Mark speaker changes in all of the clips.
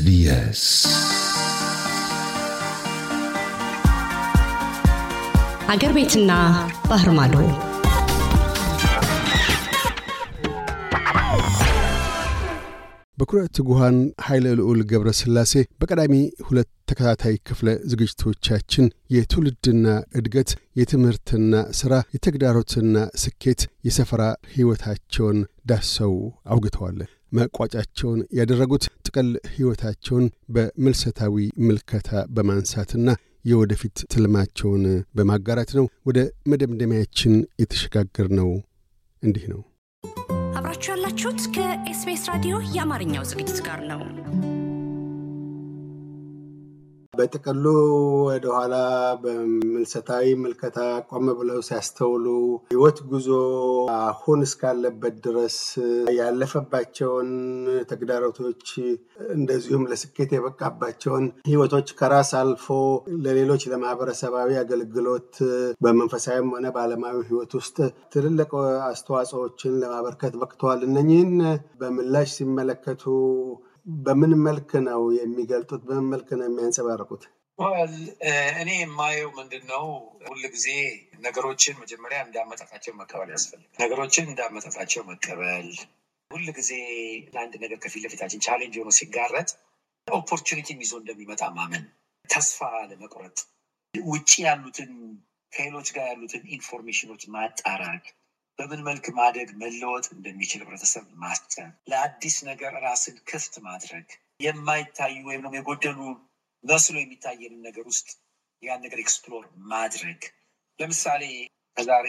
Speaker 1: SBS.
Speaker 2: አገር ቤትና ባህር ማዶ በኩረ ትጉሃን ኃይለ ልዑል ገብረ ስላሴ በቀዳሚ ሁለት ተከታታይ ክፍለ ዝግጅቶቻችን የትውልድና እድገት፣ የትምህርትና ሥራ፣ የተግዳሮትና ስኬት የሰፈራ ሕይወታቸውን ዳሰው አውግተዋል። መቋጫቸውን ያደረጉት በመጠቅለል ሕይወታቸውን በምልሰታዊ ምልከታ በማንሳትና የወደፊት ትልማቸውን በማጋራት ነው። ወደ መደምደሚያችን የተሸጋገር ነው እንዲህ ነው። አብራችሁ ያላችሁት ከኤስቢኤስ ራዲዮ የአማርኛው ዝግጅት ጋር ነው። በጥቅሉ ወደኋላ በምልሰታዊ ምልከታ ቆም ብለው ሲያስተውሉ ህይወት ጉዞ አሁን እስካለበት ድረስ ያለፈባቸውን ተግዳሮቶች እንደዚሁም ለስኬት የበቃባቸውን ህይወቶች ከራስ አልፎ ለሌሎች ለማህበረሰባዊ አገልግሎት በመንፈሳዊም ሆነ በዓለማዊ ህይወት ውስጥ ትልልቅ አስተዋጽኦዎችን ለማበርከት በቅተዋል። እነኚህን በምላሽ ሲመለከቱ በምን መልክ ነው የሚገልጡት? በምን መልክ ነው የሚያንጸባርቁት?
Speaker 1: እኔ የማየው ምንድን ነው፣ ሁል ጊዜ ነገሮችን መጀመሪያ እንዳመጣጣቸው መቀበል ያስፈልጋል። ነገሮችን እንዳመጣጣቸው መቀበል ሁል ጊዜ ለአንድ ነገር ከፊት ለፊታችን ቻሌንጅ ሆኖ ሲጋረጥ ኦፖርቹኒቲም ይዞ እንደሚመጣ ማመን፣ ተስፋ ለመቁረጥ ውጭ ያሉትን ከሌሎች ጋር ያሉትን ኢንፎርሜሽኖች ማጣራት በምን መልክ ማደግ መለወጥ እንደሚችል ህብረተሰብ ማስጨን፣ ለአዲስ ነገር ራስን ክፍት ማድረግ፣ የማይታዩ ወይም ደግሞ የጎደሉ መስሎ የሚታየንን ነገር ውስጥ ያን ነገር ኤክስፕሎር ማድረግ። ለምሳሌ ከዛሬ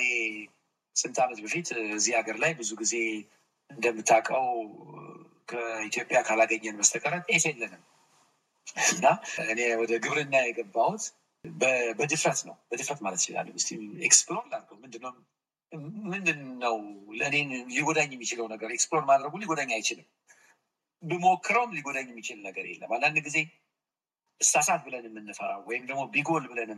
Speaker 1: ስንት ዓመት በፊት እዚህ ሀገር ላይ ብዙ ጊዜ እንደምታውቀው ከኢትዮጵያ ካላገኘን በስተቀር ጤፍ የለንም እና እኔ ወደ ግብርና የገባሁት በድፍረት ነው። በድፍረት ማለት ይችላለ ስ ኤክስፕሎር ላድርገው ምንድነው ምንድን ነው ለእኔን ሊጎዳኝ የሚችለው ነገር? ኤክስፕሎር ማድረጉ ሊጎዳኝ አይችልም። ብሞክረውም ሊጎዳኝ የሚችል ነገር የለም። አንዳንድ ጊዜ እሳሳት ብለን የምንፈራው ወይም ደግሞ ቢጎል ብለን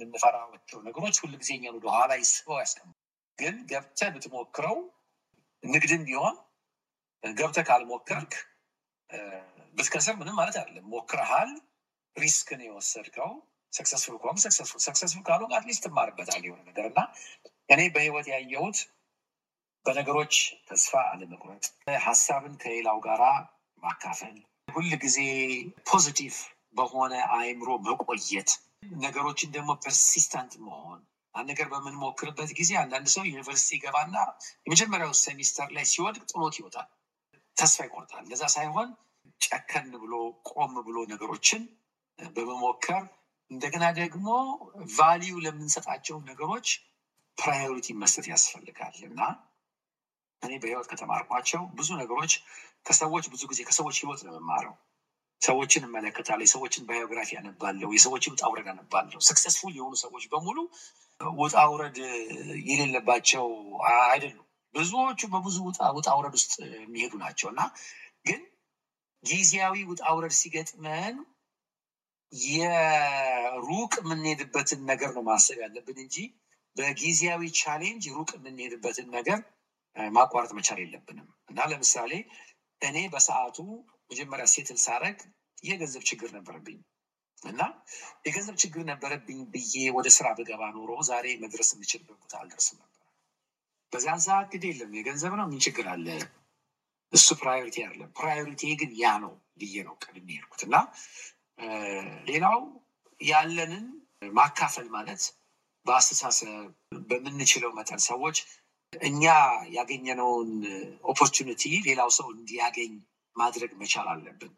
Speaker 1: የምንፈራቸው ነገሮች ሁሉ ጊዜ እኛን ወደ ኋላ ይስበው ያስቀም ግን ገብተ ብትሞክረው ንግድን ቢሆን ገብተ ካልሞከርክ ብትከስር ምንም ማለት አይደለም። ሞክረሃል፣ ሪስክን የወሰድከው ሰክሰስፉል ከሆንክ ሰክሰስፉል፣ ሰክሰስፉል አትሊስት ትማርበታል የሆነ ነገር እና እኔ በህይወት ያየሁት በነገሮች ተስፋ አለመቁረጥ፣ ሀሳብን ከሌላው ጋራ ማካፈል፣ ሁል ጊዜ ፖዚቲቭ በሆነ አእምሮ መቆየት፣ ነገሮችን ደግሞ ፐርሲስታንት መሆን አንድ ነገር በምንሞክርበት ጊዜ አንዳንድ ሰው ዩኒቨርሲቲ ይገባና የመጀመሪያው ሴሚስተር ላይ ሲወድቅ ጥሎት ይወጣል፣ ተስፋ ይቆርጣል። ለዛ ሳይሆን ጨከን ብሎ ቆም ብሎ ነገሮችን በመሞከር እንደገና ደግሞ ቫሊዩ ለምንሰጣቸው ነገሮች ፕራዮሪቲ መስጠት ያስፈልጋል እና እኔ በህይወት ከተማርኳቸው ብዙ ነገሮች ከሰዎች ብዙ ጊዜ ከሰዎች ህይወት ነው የምማረው። ሰዎችን እመለከታለሁ። የሰዎችን ባዮግራፊ አነባለሁ። የሰዎችን ውጣውረድ ውረድ አነባለሁ። ሰክሰስፉል የሆኑ ሰዎች በሙሉ ውጣውረድ የሌለባቸው አይደሉም። ብዙዎቹ በብዙ ውጣውረድ ውስጥ የሚሄዱ ናቸው እና ግን ጊዜያዊ ውጣውረድ ሲገጥመን የሩቅ የምንሄድበትን ነገር ነው ማሰብ ያለብን እንጂ በጊዜያዊ ቻሌንጅ ሩቅ የምንሄድበትን ነገር ማቋረጥ መቻል የለብንም እና ለምሳሌ እኔ በሰዓቱ መጀመሪያ ሴትል ሳረግ የገንዘብ ችግር ነበረብኝ እና የገንዘብ ችግር ነበረብኝ ብዬ ወደ ስራ ብገባ ኖሮ ዛሬ መድረስ የምችልበት ቦታ አልደርስም ነበር። በዚያን ሰዓት ግድ የለም የገንዘብ ነው ምን ችግር አለ፣ እሱ ፕራዮሪቲ አይደለም። ፕራዮሪቲ ግን ያ ነው ብዬ ነው ቀድሜ የሄድኩት። እና ሌላው ያለንን ማካፈል ማለት በአስተሳሰብ በምንችለው መጠን ሰዎች እኛ ያገኘነውን ኦፖርቹኒቲ ሌላው ሰው እንዲያገኝ ማድረግ መቻል አለብን።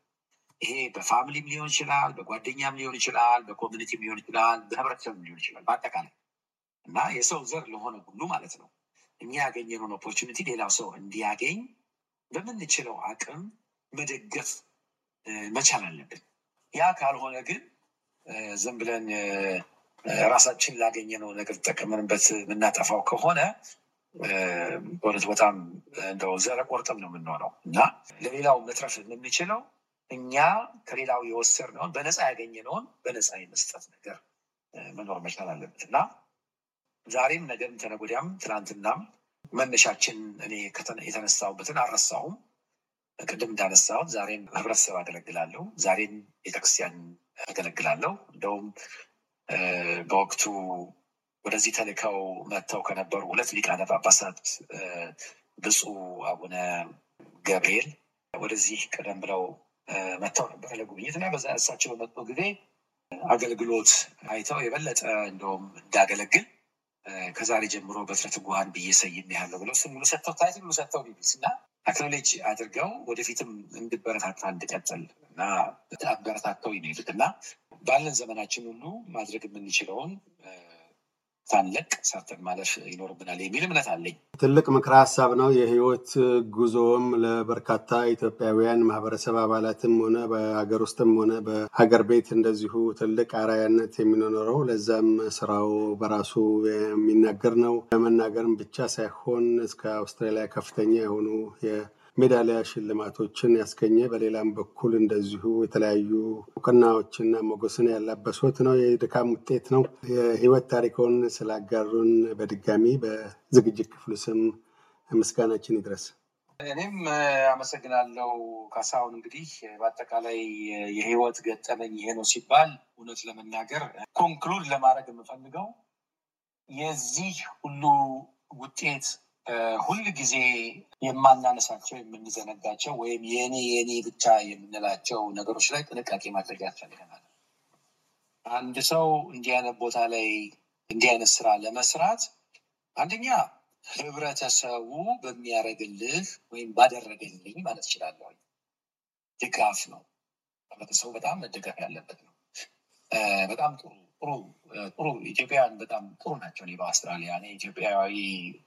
Speaker 1: ይሄ በፋሚሊም ሊሆን ይችላል፣ በጓደኛም ሊሆን ይችላል፣ በኮሚኒቲም ሊሆን ይችላል፣ በህብረተሰብ ሊሆን ይችላል። በአጠቃላይ እና የሰው ዘር ለሆነ ሁሉ ማለት ነው። እኛ ያገኘነውን ኦፖርቹኒቲ ሌላው ሰው እንዲያገኝ በምንችለው አቅም መደገፍ መቻል አለብን። ያ ካልሆነ ግን ዝም ብለን ራሳችን ላገኘነው ነገር ተጠቅመንበት የምናጠፋው ከሆነ በእውነት በጣም እንደው ዘረ ቆርጥም ነው የምንሆነው እና ለሌላው መትረፍ የምንችለው እኛ ከሌላው የወሰድነውን በነፃ ያገኘነውን በነፃ የመስጠት ነገር መኖር መቻል አለበት እና ዛሬም ነገም ተነገ ትናንትናም መነሻችን እኔ የተነሳሁበትን አልረሳሁም። ቅድም እንዳነሳሁት ዛሬም ህብረተሰብ አገለግላለሁ። ዛሬም ቤተክርስቲያን አገለግላለሁ። እንደውም በወቅቱ ወደዚህ ተልከው መጥተው ከነበሩ ሁለት ሊቃነ ጳጳሳት ብፁ አቡነ ገብርኤል ወደዚህ ቀደም ብለው መጥተው ነበር ለጉብኝት እና በዛ እሳቸው በመጡ ጊዜ አገልግሎት አይተው የበለጠ እንደውም እንዳገለግል ከዛሬ ጀምሮ በትረት ጉሃን ብዬ ሰይም ያለው ብለው ስም ሰጥተው ታይት ታይትል ሰጥተው ቢቢስ እና አክኖሌጅ አድርገው ወደፊትም እንድበረታታ እንድቀጥል እና በጣም በረታተው ይሄዱት እና ባለን ዘመናችን ሁሉ ማድረግ የምንችለውን ሳንለቅ ሰርተን ማለፍ ይኖርብናል የሚል እምነት አለኝ።
Speaker 2: ትልቅ ምክረ ሀሳብ ነው። የህይወት ጉዞም ለበርካታ ኢትዮጵያውያን ማህበረሰብ አባላትም ሆነ በሀገር ውስጥም ሆነ በሀገር ቤት እንደዚሁ ትልቅ አራያነት የሚኖረው ለዛም ስራው በራሱ የሚናገር ነው። ለመናገርም ብቻ ሳይሆን እስከ አውስትራሊያ ከፍተኛ የሆኑ ሜዳሊያ ሽልማቶችን ያስገኘ በሌላም በኩል እንደዚሁ የተለያዩ እውቅናዎችና ሞገስን ያላበሱት ነው። የድካም ውጤት ነው። የህይወት ታሪኮን ስላጋሩን በድጋሚ በዝግጅት ክፍሉ ስም ምስጋናችን ይድረስ።
Speaker 1: እኔም አመሰግናለሁ ካሳሁን። እንግዲህ በአጠቃላይ የህይወት ገጠመኝ ይሄ ነው ሲባል እውነት ለመናገር ኮንክሉድ ለማድረግ የምፈልገው የዚህ ሁሉ ውጤት ሁል ጊዜ የማናነሳቸው የምንዘነጋቸው ወይም የኔ የኔ ብቻ የምንላቸው ነገሮች ላይ ጥንቃቄ ማድረግ ያስፈልገናል። አንድ ሰው እንዲህ አይነት ቦታ ላይ እንዲህ አይነት ስራ ለመስራት አንደኛ ህብረተሰቡ በሚያደረግልህ ወይም ባደረገልኝ ማለት ይችላለሁ ድጋፍ ነው። ህብረተሰቡ በጣም መደጋፍ ያለበት ነው። በጣም ጥሩ ጥሩ ጥሩ ኢትዮጵያውያን በጣም ጥሩ ናቸው። እኔ በአውስትራሊያ እኔ ኢትዮጵያዊ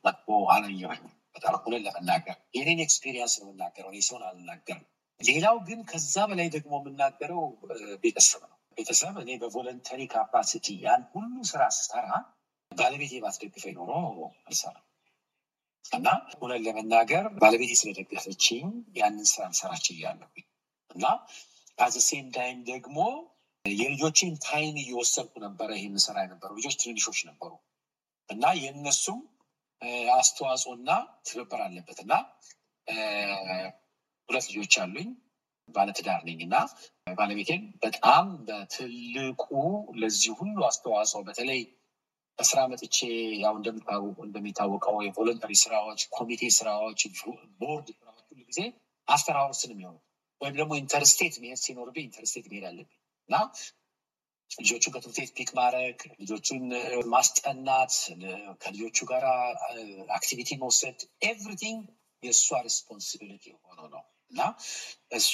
Speaker 1: መጥፎ አላየሁኝ። በጣም ሁለን ለመናገር የኔን ኤክስፔሪንስ ነው የምናገረው። እኔ ሰውን አልናገርም። ሌላው ግን ከዛ በላይ ደግሞ የምናገረው ቤተሰብ ነው። ቤተሰብ እኔ በቮለንተሪ ካፓሲቲ ያን ሁሉ ስራ ስሰራ ባለቤቴ ባትደግፈኝ ኖሮ አልሰራም እና ሁለን ለመናገር ባለቤቴ ስለደገፈችኝ ያንን ስራ ልሰራች እያለሁ እና አዘ ሴም ታይም ደግሞ የልጆችን ታይም እየወሰንኩ ነበረ ይህን ስራ የነበረው። ልጆች ትንንሾች ነበሩ እና የእነሱም አስተዋጽኦ እና ትብብር አለበት እና ሁለት ልጆች አሉኝ ባለትዳር ነኝ እና ባለቤቴን በጣም በትልቁ ለዚህ ሁሉ አስተዋጽኦ በተለይ በስራ መጥቼ ያው እንደሚታወቀው የቮለንተሪ ስራዎች፣ ኮሚቴ ስራዎች፣ ቦርድ ስራዎች ሁሉ ጊዜ አስተራወር የሚሆኑ ወይም ደግሞ ኢንተርስቴት መሄድ ሲኖርብ ኢንተርስቴት መሄድ አለብኝ እና ልጆቹ ከትምህርት ቤት ፒክ ማድረግ፣ ልጆቹን ማስጠናት፣ ከልጆቹ ጋር አክቲቪቲ መውሰድ ኤቭሪቲንግ የእሷ ሪስፖንሲቢሊቲ ሆኖ ነው እና እሷ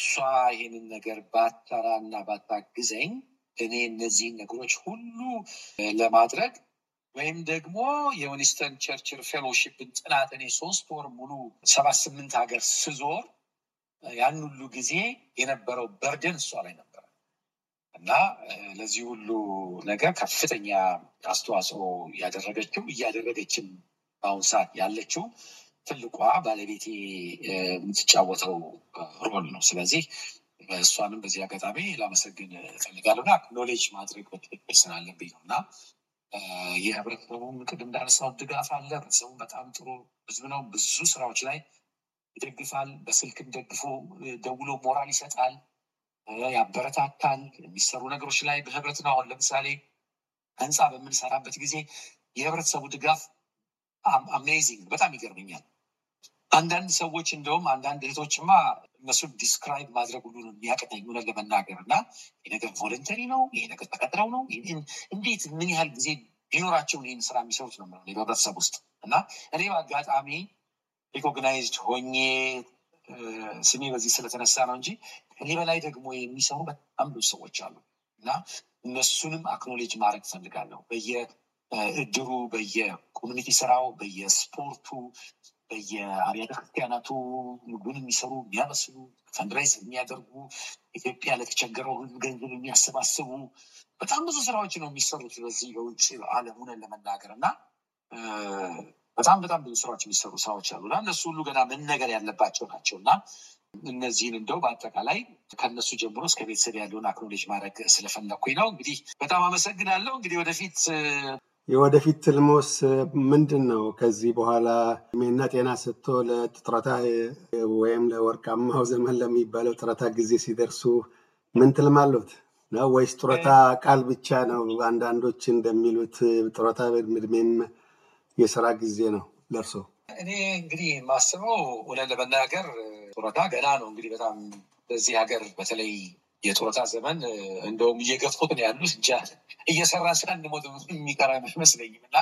Speaker 1: ይህንን ነገር ባታራ እና ባታግዘኝ እኔ እነዚህን ነገሮች ሁሉ ለማድረግ ወይም ደግሞ የዊኒስተን ቸርችል ፌሎሺፕን ጥናት እኔ ሶስት ወር ሙሉ ሰባት ስምንት ሀገር ስዞር ያን ሁሉ ጊዜ የነበረው በርደን እሷ ላይ ነው እና ለዚህ ሁሉ ነገር ከፍተኛ አስተዋጽኦ ያደረገችው እያደረገችም በአሁን ሰዓት ያለችው ትልቋ ባለቤቴ የምትጫወተው ሮል ነው። ስለዚህ እሷንም በዚህ አጋጣሚ ላመሰግን እፈልጋለሁና ኖሌጅ ማድረግ በትክክል ስላለብኝ ነው እና የህብረተሰቡም ቅድም እንዳነሳው ድጋፍ አለ። ህብረተሰቡ በጣም ጥሩ ህዝብ ነው። ብዙ ስራዎች ላይ ይደግፋል። በስልክም ደግፎ ደውሎ ሞራል ይሰጣል። ያበረታታል። የሚሰሩ ነገሮች ላይ በህብረት ነው። አሁን ለምሳሌ ህንፃ በምንሰራበት ጊዜ የህብረተሰቡ ድጋፍ አሜዚንግ፣ በጣም ይገርመኛል። አንዳንድ ሰዎች እንደውም አንዳንድ እህቶችማ እነሱን ዲስክራይብ ማድረግ ሁሉ የሚያቅተኝ ሆነ ለመናገር እና ይህ ነገር ቮለንተሪ ነው፣ ይሄ ነገር ተቀጥረው ነው፣ እንዴት ምን ያህል ጊዜ ቢኖራቸውን ይህን ስራ የሚሰሩት ነው በህብረተሰብ ውስጥ እና እኔ በአጋጣሚ ሪኮግናይዝድ ሆኜ ስሜ በዚህ ስለተነሳ ነው እንጂ ከኔ በላይ ደግሞ የሚሰሩ በጣም ብዙ ሰዎች አሉ እና እነሱንም አክኖሌጅ ማድረግ ፈልጋለሁ። በየእድሩ፣ በየኮሚኒቲ ስራው፣ በየስፖርቱ፣ በየአብያተ ክርስቲያናቱ ምግቡን የሚሰሩ የሚያበስሉ፣ ፈንድራይዝ የሚያደርጉ፣ ኢትዮጵያ ለተቸገረው ህዝብ ገንዘብ የሚያሰባስቡ በጣም ብዙ ስራዎች ነው የሚሰሩት በዚህ በውጭ አለም ሁነን ለመናገር እና በጣም በጣም ብዙ ስራዎች የሚሰሩ ስራዎች አሉ እና እነሱ ሁሉ ገና ነገር ያለባቸው ናቸው እና እነዚህን እንደው በአጠቃላይ ከነሱ ጀምሮ እስከ ቤተሰብ ያለውን አክኖሌጅ ማድረግ ስለፈለኩኝ ነው። እንግዲህ በጣም አመሰግናለሁ። እንግዲህ ወደፊት
Speaker 2: የወደፊት ትልሞስ ምንድን ነው? ከዚህ በኋላ ሜና ጤና ስቶ ለጥረታ ወይም ለወርቃማው ዘመን ለሚባለው ጥረታ ጊዜ ሲደርሱ ምን ትልም ነው ወይስ ጡረታ ቃል ብቻ ነው? አንዳንዶች እንደሚሉት ጡረታ እድሜም የስራ ጊዜ ነው ለእርሶ?
Speaker 1: እኔ እንግዲህ ማስበው ለመናገር ጡረታ ገና ነው እንግዲህ በጣም በዚህ ሀገር በተለይ የጡረታ ዘመን እንደውም እየገፉት ነው ያሉት እ እየሰራ ሳንሞት የሚቀራ አይመስለኝም። እና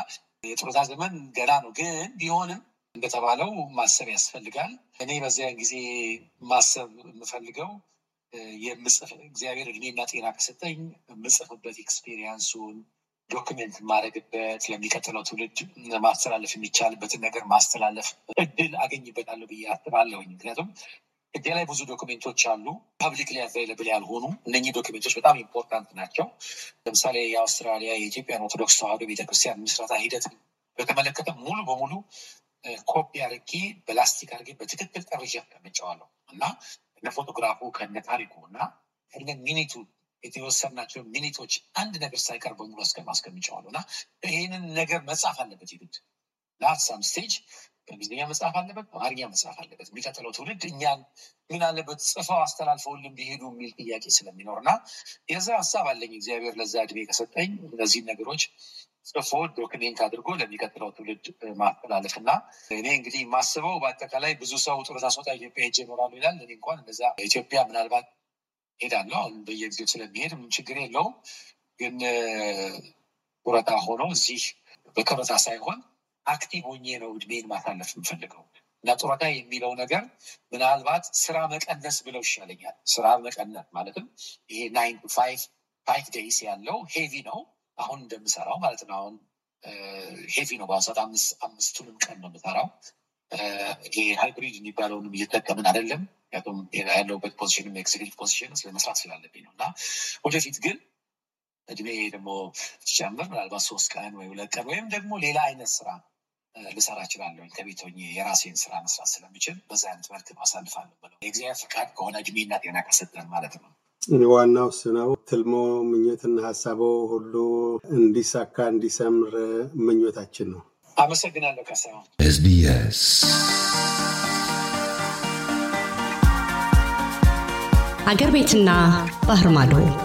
Speaker 1: የጡረታ ዘመን ገና ነው። ግን ቢሆንም እንደተባለው ማሰብ ያስፈልጋል። እኔ በዚያን ጊዜ ማሰብ የምፈልገው የምጽፍ እግዚአብሔር እድሜና ጤና ከሰጠኝ የምጽፍበት ኤክስፔሪንሱን ዶክመንት ማድረግበት ለሚቀጥለው ትውልድ ማስተላለፍ የሚቻልበትን ነገር ማስተላለፍ እድል አገኝበታለሁ ብዬ አስባለሁኝ። ምክንያቱም እጄ ላይ ብዙ ዶክመንቶች አሉ፣ ላይ አቫይለብል ያልሆኑ። እነኚህ ዶክመንቶች በጣም ኢምፖርታንት ናቸው። ለምሳሌ የአውስትራሊያ የኢትዮጵያን ኦርቶዶክስ ተዋህዶ ቤተክርስቲያን ምስረታ ሂደት በተመለከተ ሙሉ በሙሉ ኮፒ አድርጌ በላስቲክ አድርጌ በትክክል ጠርዤ አስቀምጨዋለሁ እና እነ ፎቶግራፉ ከነ ታሪኩ እና ከነ ሚኒቱ የተወሰናቸው ሚኒቶች አንድ ነገር ሳይቀር በሙሉ አስቀምጨዋለሁ እና ይህንን ነገር መጽሐፍ አለበት ይሉት ለሀሳም ስቴጅ በእንግሊዝኛ መጽሐፍ አለበት፣ በአማርኛ መጽሐፍ አለበት። የሚቀጥለው ትውልድ እኛን ምን አለበት ጽፈው አስተላልፈውልን ቢሄዱ የሚል ጥያቄ ስለሚኖር እና የዛ ሀሳብ አለኝ። እግዚአብሔር ለዛ እድሜ ከሰጠኝ እነዚህን ነገሮች ጽፎ ዶክሜንት አድርጎ ለሚቀጥለው ትውልድ ማስተላለፍ እና እኔ እንግዲህ ማስበው በአጠቃላይ ብዙ ሰው ጡረታ ስወጣ ኢትዮጵያ ሄጅ ይኖራሉ ይላል። እኔ እንኳን እነዛ ኢትዮጵያ ምናልባት ሄዳለሁ። አሁን በየጊዜው ስለሚሄድ ምን ችግር የለውም። ግን ጡረታ ሆኖ እዚህ በከበታ ሳይሆን አክቲቭ ሆኜ ነው እድሜን ማሳለፍ የምፈልገው እና ጡረታ የሚለው ነገር ምናልባት ስራ መቀነስ ብለው ይሻለኛል። ስራ መቀነስ ማለትም ይሄ ናይን ቱ ፋይቭ ፋይቭ ዴይስ ያለው ሄቪ ነው አሁን እንደምሰራው ማለት ነው። አሁን ሄቪ ነው በአሁን ሰዓት አምስቱንም ቀን ነው የምሰራው ይሄ ሃይብሪድ የሚባለውንም እየተጠቀምን አይደለም። ያቱም ያለውበት ፖዚሽን ኤግዚኪቲቭ ፖዚሽን ስለመስራት ስላለብኝ ነው እና ወደፊት ግን እድሜ ደግሞ ሲጨምር ምናልባት ሶስት ቀን ወይ ሁለት ቀን ወይም ደግሞ ሌላ አይነት ስራ ልሰራ እችላለሁ። ከቤት የራሴን ስራ መስራት ስለምችል በዛ አይነት መልክ ማሳልፋለሁ ብለው የእግዚአብሔር ፍቃድ ከሆነ እድሜና ጤና ከሰጠን ማለት ነው።
Speaker 2: እኔ ዋናው እሱ ነው። ትልሞ ምኞትና ሀሳቦ ሁሉ እንዲሳካ እንዲሰምር ምኞታችን ነው።
Speaker 1: አመሰግናለሁ ካሳሁን።
Speaker 2: ኤስቢኤስ አገር ቤትና ባህር ማዶ